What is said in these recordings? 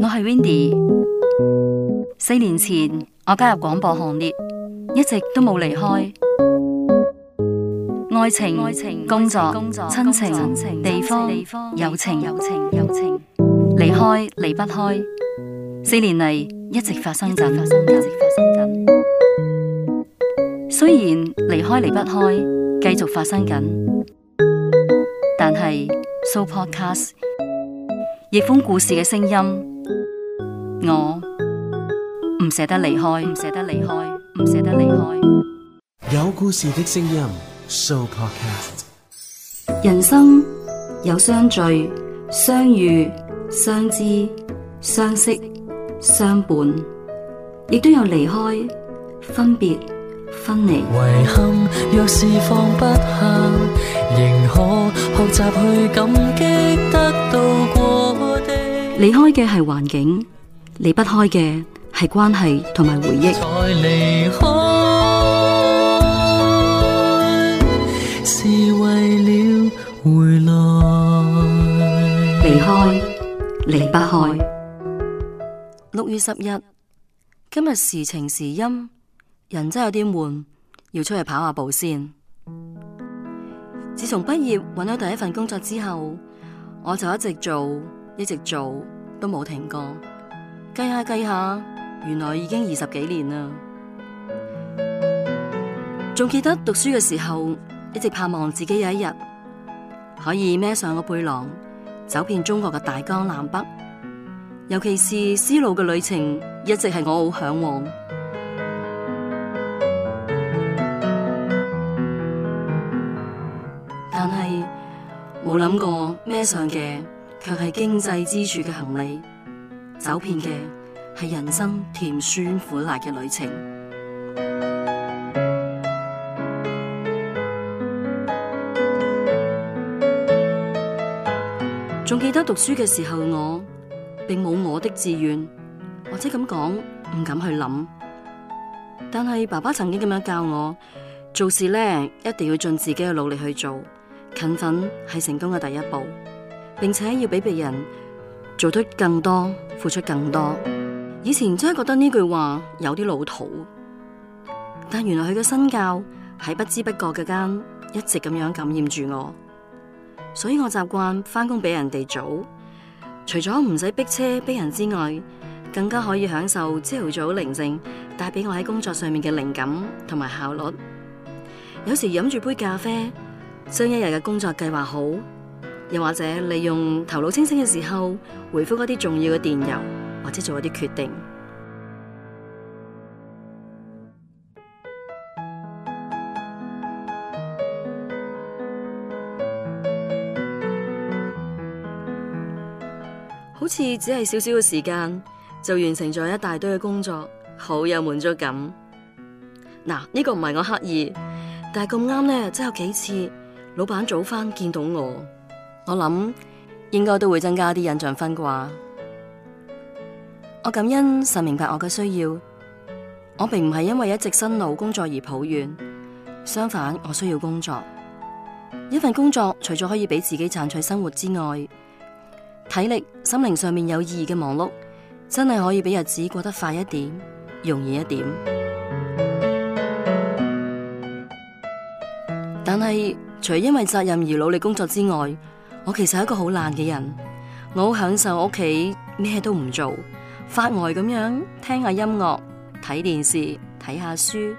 我係 Windy，四年前我加入廣播行列，一直都冇離開。愛情、愛情、工作、工作、親情、親情、地方地方、友情、友情、友情。情情情離開離不開，四年嚟一直發生緊。生雖然離開離不開，繼續發生緊，但係 So Podcast。逆風故事嘅聲音，我唔捨得離開，唔捨得離開，唔捨得離開。有故事的聲音，Show Podcast。人生有相聚、相遇、相知、相識、相伴，亦都有離開、分別、分離。遺憾若是放不下，仍可學習去感激得到過。離開嘅係環境，離不開嘅係關係同埋回憶。離開離開離不開。開不開，六月十日，今日時晴時陰，人真係有啲悶，要出去跑下步先。自從畢業搵到第一份工作之後，我就一直做。一直做都冇停過，計下計下，原來已經二十幾年啦。仲記得讀書嘅時候，一直盼望自己有一日可以孭上個背囊，走遍中國嘅大江南北，尤其是絲路嘅旅程，一直係我好向往。但係冇諗過孭上嘅，卻係經濟支柱嘅行李，走遍嘅係人生甜酸苦辣嘅旅程。仲記得讀書嘅時候我，我並冇我的志願，或者咁講，唔敢去諗。但係爸爸曾經咁樣教我，做事咧，一定要盡自己嘅努力去做，勤奮係成功嘅第一步。並且要比別人做得更多，付出更多。以前真係覺得呢句話有啲老土，但原來佢嘅身教喺不知不覺嘅間一直咁樣感染住我，所以我習慣翻工俾人哋早。除咗唔使逼車逼人之外，更加可以享受朝早寧靜，帶俾我喺工作上面嘅靈感同埋效率。有時飲住杯咖啡，將一日嘅工作計劃好。又或者利用頭腦清醒嘅時候，回覆一啲重要嘅電郵，或者做一啲決定， 好似只係少少嘅時間就完成咗一大堆嘅工作，好有滿足感。嗱，呢個唔係我刻意，但係咁啱咧，真有幾次老闆早返見到我。我諗應該都會增加啲印象分啩。我感恩神明白我嘅需要，我並唔係因為一直辛勞工作而抱怨，相反，我需要工作。一份工作除咗可以俾自己賺取生活之外，體力、心靈上面有意義嘅忙碌，真係可以俾日子過得快一點、容易一點。但係除因為責任而努力工作之外，我其實係一個好懶嘅人，我好享受屋企咩都唔做，發呆咁樣聽下音樂、睇電視、睇下書，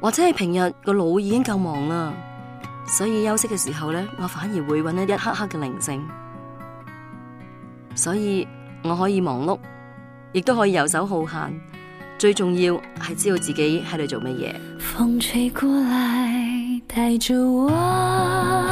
或者係平日個腦已經夠忙啦，所以休息嘅時候呢，我反而會搵一一刻一刻嘅寧靜，所以我可以忙碌，亦都可以遊手好閒，最重要係知道自己喺度做乜嘢。風吹過來，帶住我。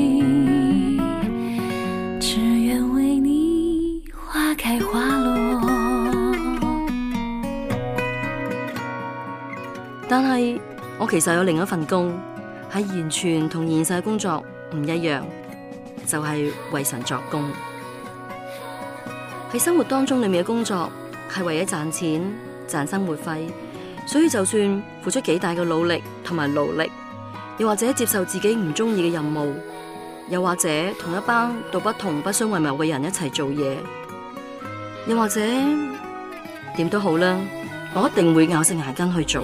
其實有另一份工，係完全同現實嘅工作唔一樣，就係、是、為神作工。喺生活當中裏面嘅工作係為咗賺錢、賺生活費，所以就算付出幾大嘅努力同埋勞力，又或者接受自己唔中意嘅任務，又或者同一班道不同、不相為謀嘅人一齊做嘢，又或者點都好啦，我一定會咬實牙根去做。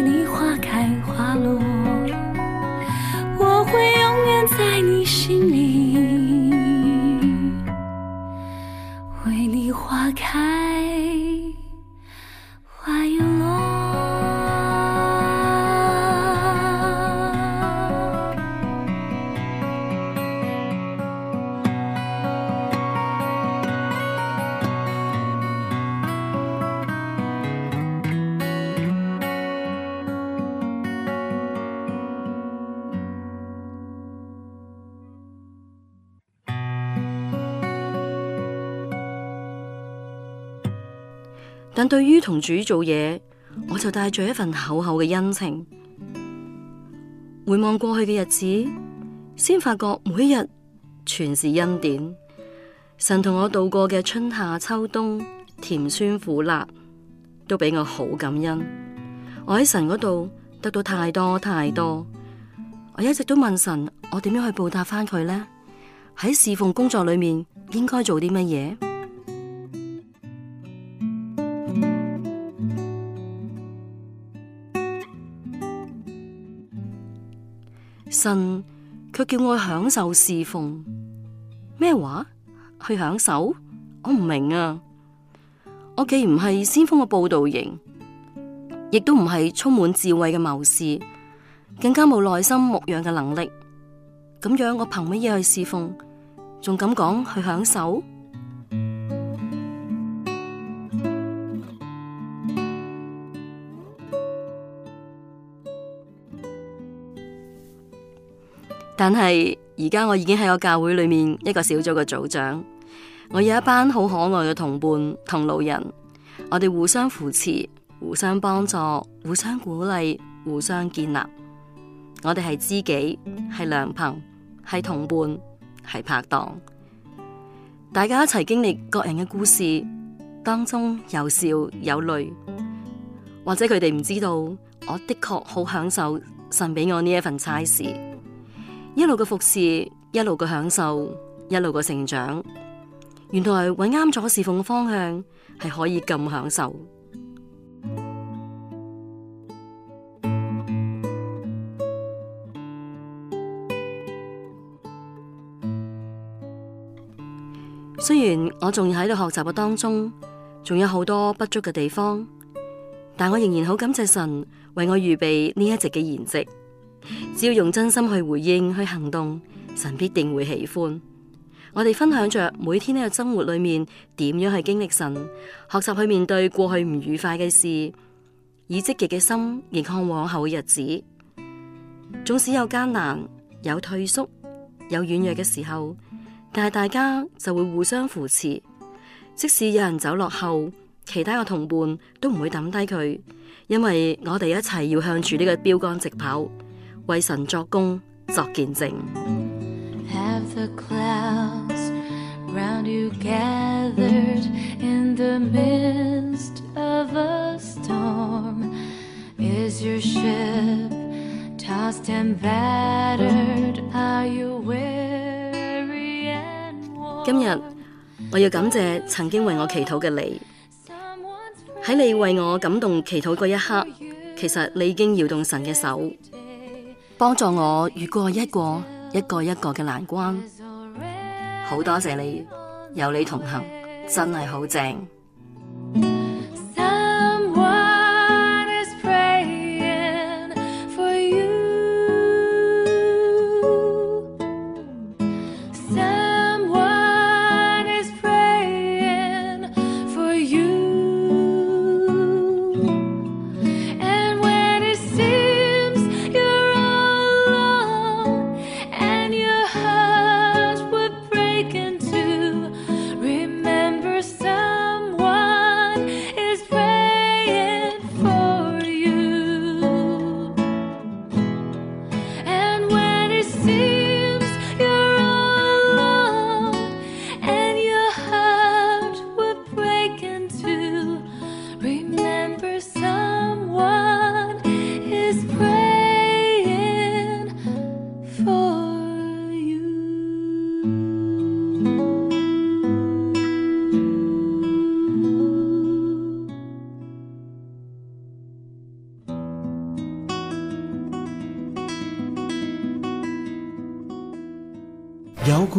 但對於同主做嘢，我就帶着一份厚厚嘅恩情。回望過去嘅日子，先發覺每一日全是恩典。神同我度過嘅春夏秋冬，甜酸苦辣，都俾我好感恩。我喺神嗰度得到太多太多，我一直都問神：我點樣去報答翻佢呢？喺侍奉工作裏面，應該做啲乜嘢？神卻叫我去享受侍奉，咩話去享受？我唔明啊！我既唔係先鋒嘅報道型，亦都唔係充滿智慧嘅謀士，更加冇耐心牧養嘅能力。咁樣我憑乜嘢去侍奉？仲敢講去享受？但係而家我已經喺我教會裏面一個小組嘅組長，我有一班好可愛嘅同伴同路人，我哋互相扶持、互相幫助、互相鼓勵、互相建立。我哋係知己、係良朋、係同伴、係拍檔，大家一齊經歷各人嘅故事，當中有笑有淚，或者佢哋唔知道，我的確好享受神俾我呢一份差事。一路嘅服侍，一路嘅享受，一路嘅成長，原來揾啱咗侍奉嘅方向係可以咁享受。 雖然我仲要喺度學習嘅當中，仲有好多不足嘅地方，但我仍然好感謝神為我預備呢一席嘅筵席。只要用真心去回應、去行動，神必定會喜歡。我哋分享着每天呢個生活裏面點樣去經歷神，學習去面對過去唔愉快嘅事，以積極嘅心迎向往後嘅日子。縱使有艱難、有退縮、有軟弱嘅時候，但係大家就會互相扶持。即使有人走落後，其他嘅同伴都唔會抌低佢，因為我哋一齊要向住呢個標杆直跑。為神作工、作見證。今日我要感謝曾經為我祈禱嘅你，喺 's 你為我感動祈禱嗰一刻，For you, 其實你已經搖動神嘅手。幫助我越過一個一個一個嘅難關，好多謝你，有你同行，真係好正。